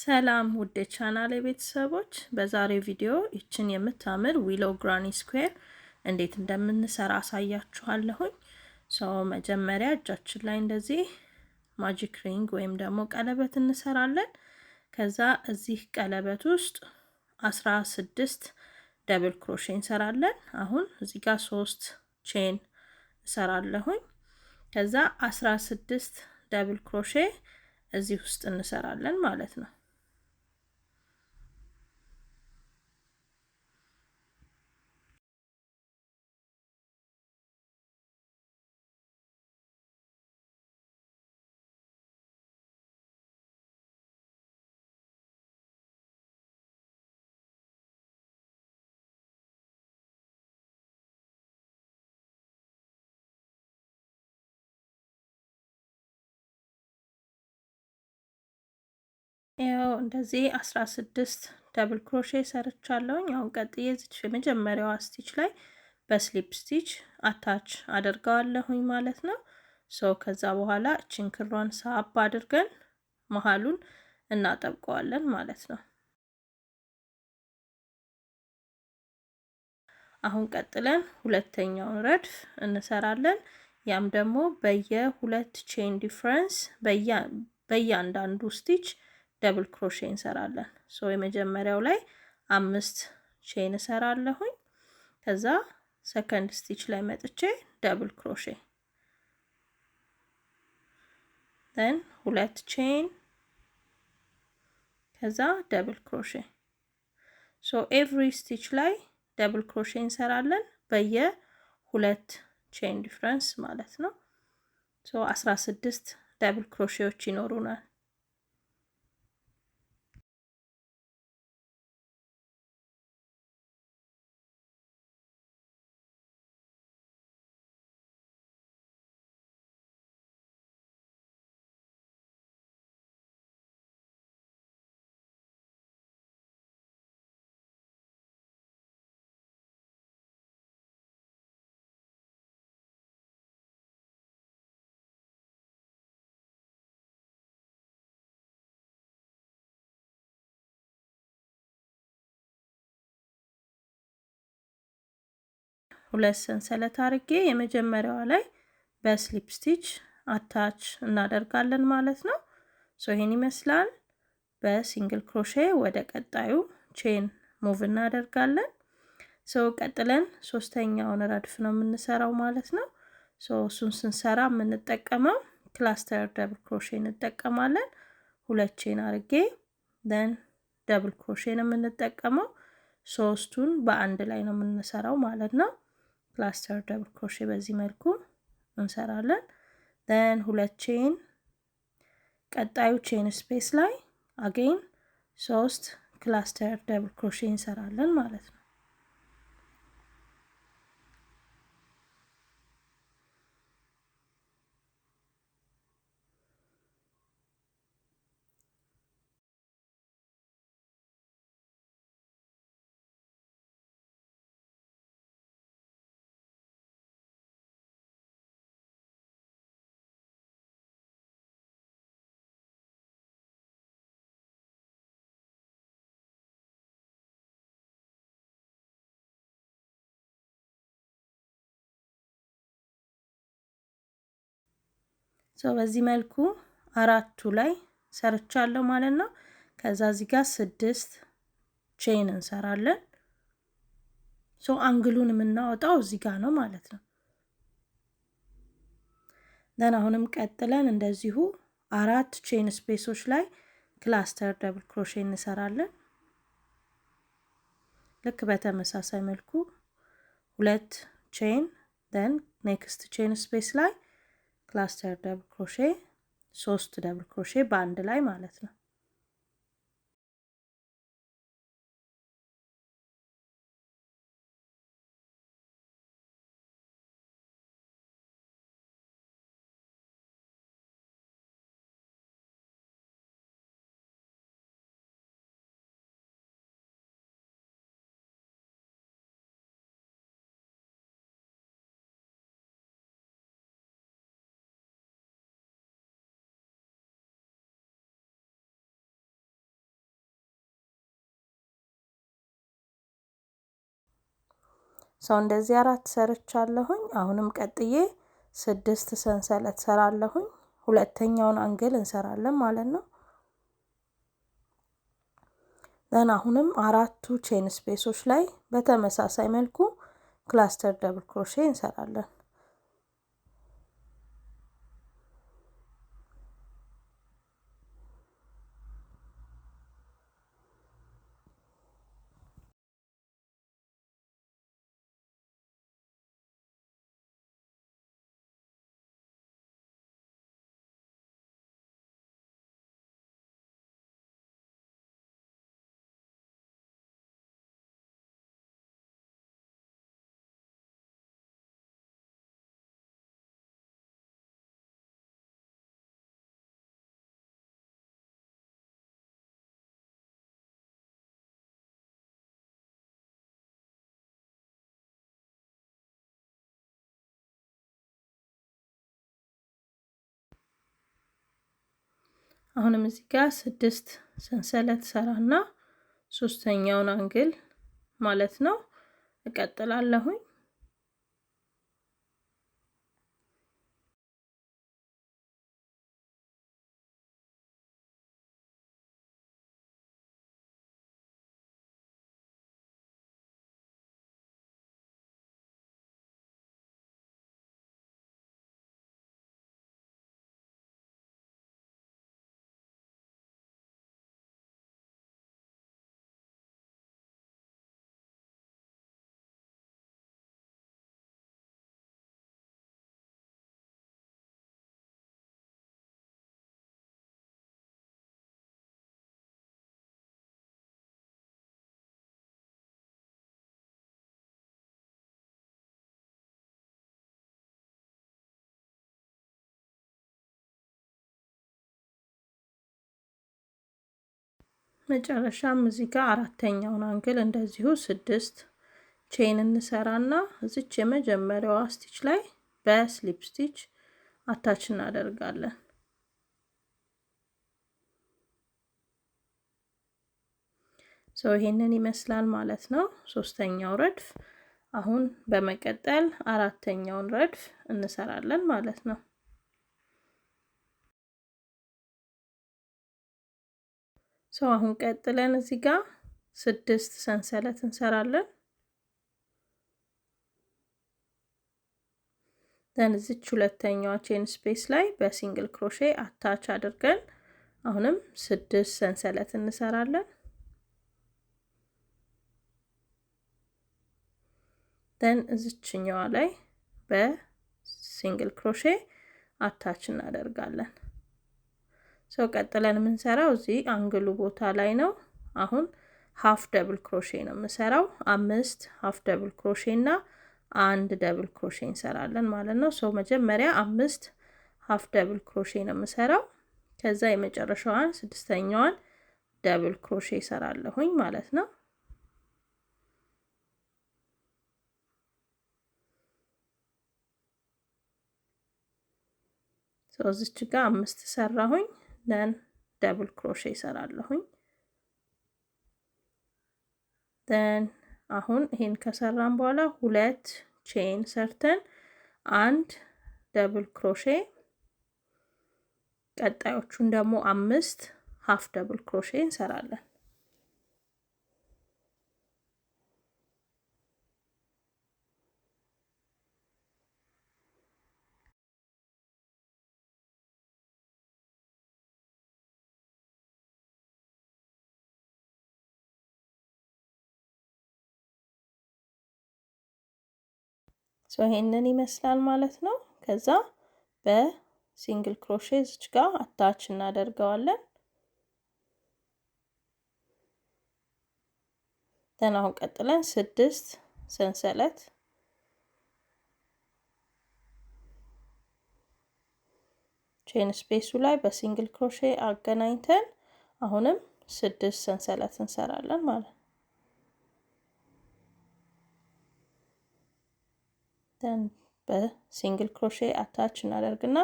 ሰላም ውድ ቻናል ቤተሰቦች፣ በዛሬው ቪዲዮ ይችን የምታምር ዊሎ ግራኒ ስኩዌር እንዴት እንደምንሰራ አሳያችኋለሁኝ። ሰው መጀመሪያ እጃችን ላይ እንደዚህ ማጂክ ሪንግ ወይም ደግሞ ቀለበት እንሰራለን። ከዛ እዚህ ቀለበት ውስጥ አስራ ስድስት ደብል ክሮሼ እንሰራለን። አሁን እዚህ ጋር ሶስት ቼን እሰራለሁኝ። ከዛ አስራ ስድስት ደብል ክሮሼ እዚህ ውስጥ እንሰራለን ማለት ነው። ያው እንደዚህ አስራ ስድስት ደብል ክሮሼ ሰርቻለሁኝ። አሁን ቀጥዬ እዚች የመጀመሪያዋ ስቲች ላይ በስሊፕ ስቲች አታች አደርገዋለሁኝ ማለት ነው። ሶ ከዛ በኋላ እችን ክሯን ሳብ አድርገን መሀሉን እናጠብቀዋለን ማለት ነው። አሁን ቀጥለን ሁለተኛውን ረድፍ እንሰራለን። ያም ደግሞ በየሁለት ቼን ዲፍረንስ በየአንዳንዱ ስቲች ደብል ክሮሼ እንሰራለን። ሶ የመጀመሪያው ላይ አምስት ቼን እሰራለሁኝ። ከዛ ሰከንድ ስቲች ላይ መጥቼ ደብል ክሮሼ ን ሁለት ቼን ከዛ ደብል ክሮሼ። ሶ ኤቭሪ ስቲች ላይ ደብል ክሮሼ እንሰራለን በየ ሁለት ቼን ዲፍረንስ ማለት ነው። ሶ አስራ ስድስት ደብል ክሮሼዎች ይኖሩናል። ሁለት ሰንሰለት አርጌ የመጀመሪያዋ ላይ በስሊፕ ስቲች አታች እናደርጋለን ማለት ነው። ሶ ይሄን ይመስላል። በሲንግል ክሮሼ ወደ ቀጣዩ ቼን ሙቭ እናደርጋለን። ሶ ቀጥለን ሶስተኛውን ረድፍ ነው የምንሰራው ማለት ነው። ሶ እሱን ስንሰራ የምንጠቀመው ክላስተር ደብል ክሮሼ እንጠቀማለን። ሁለት ቼን አርጌ ደን ደብል ክሮሼ ነው የምንጠቀመው። ሶስቱን በአንድ ላይ ነው የምንሰራው ማለት ነው። ፕላስተር ደብል ክሮሼ በዚህ መልኩ እንሰራለን። ደን ሁለት ቼን ቀጣዩ ቼን ስፔስ ላይ አጌን ሶስት ክላስተር ደብል ክሮሼ እንሰራለን ማለት ነው። ሰው በዚህ መልኩ አራቱ ላይ ሰርቻለሁ ማለት ነው። ከዛ እዚህ ጋር ስድስት ቼን እንሰራለን። ሶ አንግሉን የምናወጣው እዚህ ጋር ነው ማለት ነው። ደን አሁንም ቀጥለን እንደዚሁ አራት ቼን ስፔሶች ላይ ክላስተር ደብል ክሮሼ እንሰራለን። ልክ በተመሳሳይ መልኩ ሁለት ቼን ደን ኔክስት ቼን ስፔስ ላይ ክላስተር ደብል ክሮሼ ሶስት ደብል ክሮሼ በአንድ ላይ ማለት ነው። ሰው እንደዚህ አራት ሰርቻለሁኝ። አሁንም ቀጥዬ ስድስት ሰንሰለት ሰራለሁኝ። ሁለተኛውን አንግል እንሰራለን ማለት ነው። ዘን አሁንም አራቱ ቼን ስፔሶች ላይ በተመሳሳይ መልኩ ክላስተር ደብል ክሮሼ እንሰራለን። አሁንም እዚህ ጋር ስድስት ሰንሰለት ሰራና ሶስተኛውን አንግል ማለት ነው እቀጥላለሁኝ። መጨረሻ እዚህ ጋር አራተኛውን አንግል እንደዚሁ ስድስት ቼን እንሰራና እዚች የመጀመሪያዋ ስቲች ላይ በስሊፕ ስቲች አታች እናደርጋለን። ሰው ይሄንን ይመስላል ማለት ነው ሶስተኛው ረድፍ። አሁን በመቀጠል አራተኛውን ረድፍ እንሰራለን ማለት ነው። ሰው አሁን ቀጥለን እዚህ ጋር ስድስት ሰንሰለት እንሰራለን። ዘን እዚች ሁለተኛዋ ቼን ስፔስ ላይ በሲንግል ክሮሼ አታች አድርገን አሁንም ስድስት ሰንሰለት እንሰራለን። ዘን እዚችኛዋ ላይ በሲንግል ክሮሼ አታች እናደርጋለን። ሰው ቀጥለን የምንሰራው እዚህ አንግሉ ቦታ ላይ ነው። አሁን ሀፍ ደብል ክሮሼ ነው የምሰራው። አምስት ሀፍ ደብል ክሮሼ እና አንድ ደብል ክሮሼ እንሰራለን ማለት ነው። ሰው መጀመሪያ አምስት ሀፍ ደብል ክሮሼ ነው የምሰራው። ከዛ የመጨረሻዋን ስድስተኛዋን ደብል ክሮሼ ይሰራለሁኝ ማለት ነው። እዚች ጋር አምስት ሰራሁኝ። ደን ደብል ክሮሼ ይሰራለሁኝ። ደን አሁን ይሄን ከሰራን በኋላ ሁለት ቼን ሰርተን አንድ ደብል ክሮሼ ቀጣዮቹን ደግሞ አምስት ሀፍ ደብል ክሮሼ እንሰራለን። ሶ ይሄንን ይመስላል ማለት ነው። ከዛ በሲንግል ክሮሼ እዚች ጋር አታች እናደርገዋለን። ደን አሁን ቀጥለን ስድስት ሰንሰለት ቼን ስፔሱ ላይ በሲንግል ክሮሼ አገናኝተን አሁንም ስድስት ሰንሰለት እንሰራለን ማለት ነው። ተን በሲንግል ክሮሼ አታች እናደርግና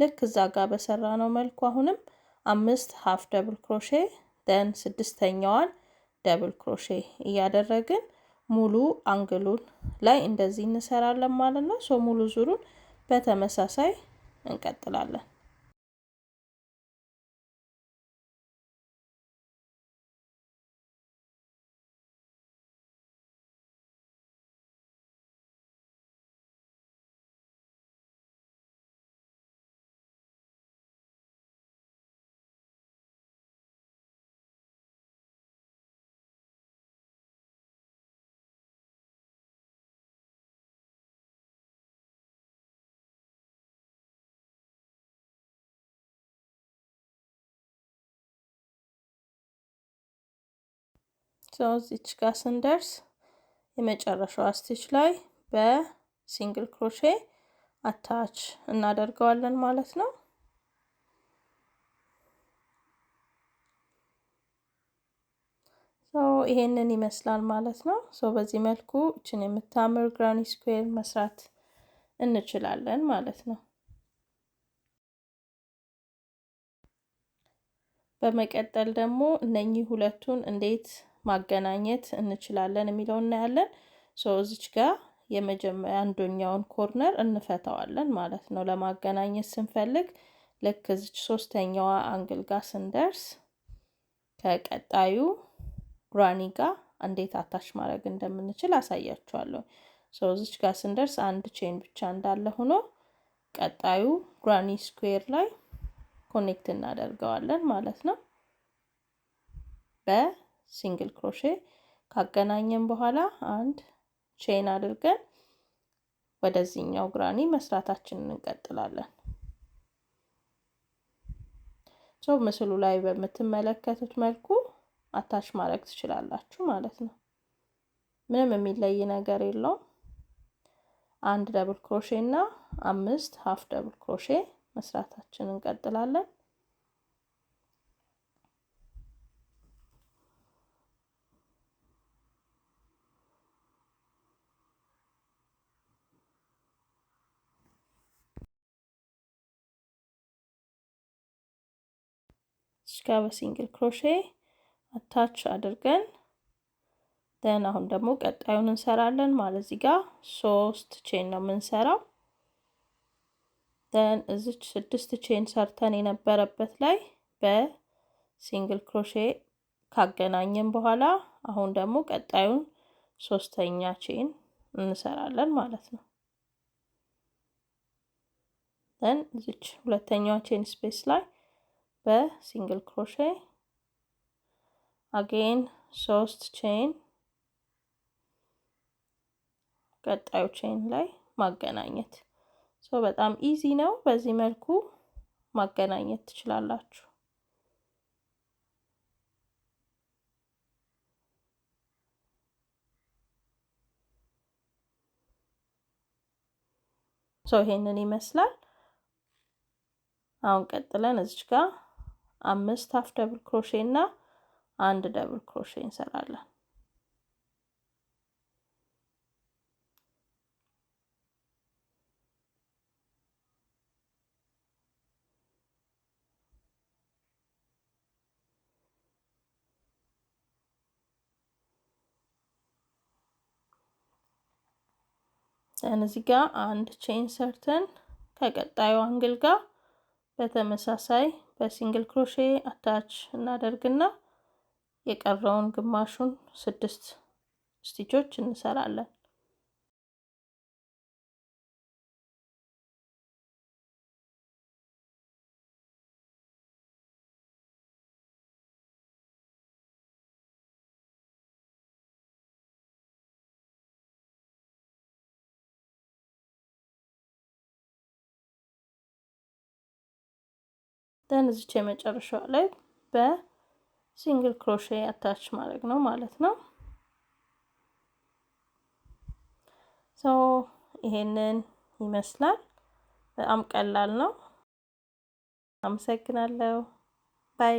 ልክ እዛ ጋር በሰራ ነው መልኩ አሁንም አምስት ሀፍ ደብል ክሮሼ ደን ስድስተኛዋን ደብል ክሮሼ እያደረግን ሙሉ አንግሉን ላይ እንደዚህ እንሰራለን ማለት ነው። ሶ ሙሉ ዙሩን በተመሳሳይ እንቀጥላለን። እዚች ጋር ስንደርስ የመጨረሻዋ ስቲች ላይ በሲንግል ክሮሼ አታች እናደርገዋለን ማለት ነው። ይሄንን ይመስላል ማለት ነው። ሰው በዚህ መልኩ እችን የምታምር ግራኒ ስኩዌር መስራት እንችላለን ማለት ነው። በመቀጠል ደግሞ እነኚህ ሁለቱን እንዴት ማገናኘት እንችላለን የሚለው እናያለን። እዚች ጋር የመጀመሪያ አንዶኛውን ኮርነር እንፈተዋለን ማለት ነው። ለማገናኘት ስንፈልግ ልክ እዚች ሶስተኛዋ አንግል ጋር ስንደርስ ከቀጣዩ ግራኒ ጋር እንዴት አታች ማድረግ እንደምንችል አሳያችኋለሁ። ሰው እዚች ጋር ስንደርስ አንድ ቼን ብቻ እንዳለ ሆኖ ቀጣዩ ግራኒ ስኩዌር ላይ ኮኔክት እናደርገዋለን ማለት ነው በ ሲንግል ክሮሼ ካገናኘን በኋላ አንድ ቼን አድርገን ወደዚህኛው ግራኒ መስራታችንን እንቀጥላለን። ሶ ምስሉ ላይ በምትመለከቱት መልኩ አታች ማድረግ ትችላላችሁ ማለት ነው። ምንም የሚለይ ነገር የለውም። አንድ ደብል ክሮሼ እና አምስት ሀፍ ደብል ክሮሼ መስራታችንን እንቀጥላለን። እዚጋ በሲንግል ክሮሼ አታች አድርገን ደን አሁን ደግሞ ቀጣዩን እንሰራለን ማለት እዚህ ጋር ሶስት ቼን ነው የምንሰራው። ደን እዚች ስድስት ቼን ሰርተን የነበረበት ላይ በሲንግል ክሮሼ ካገናኘን በኋላ አሁን ደግሞ ቀጣዩን ሶስተኛ ቼን እንሰራለን ማለት ነው። ደን እዚች ሁለተኛዋ ቼን ስፔስ ላይ በሲንግል ክሮሼ አጌን ሶስት ቼን ቀጣዩ ቼን ላይ ማገናኘት። ሶ በጣም ኢዚ ነው። በዚህ መልኩ ማገናኘት ትችላላችሁ። ሶ ይሄንን ይመስላል። አሁን ቀጥለን እዚች ጋር አምስት ሀፍ ደብል ክሮሼ እና አንድ ደብል ክሮሼ እንሰራለን። እዚህ ጋር አንድ ቼን ሰርተን ከቀጣዩ አንግል ጋር በተመሳሳይ በሲንግል ክሮሼ አታች እናደርግና የቀረውን ግማሹን ስድስት ስቲቾች እንሰራለን። ደንዝች የመጨረሻዋ ላይ በሲንግል ክሮሼ አታች ማድረግ ነው ማለት ነው። ሶ ይሄንን ይመስላል። በጣም ቀላል ነው። አመሰግናለሁ። ባይ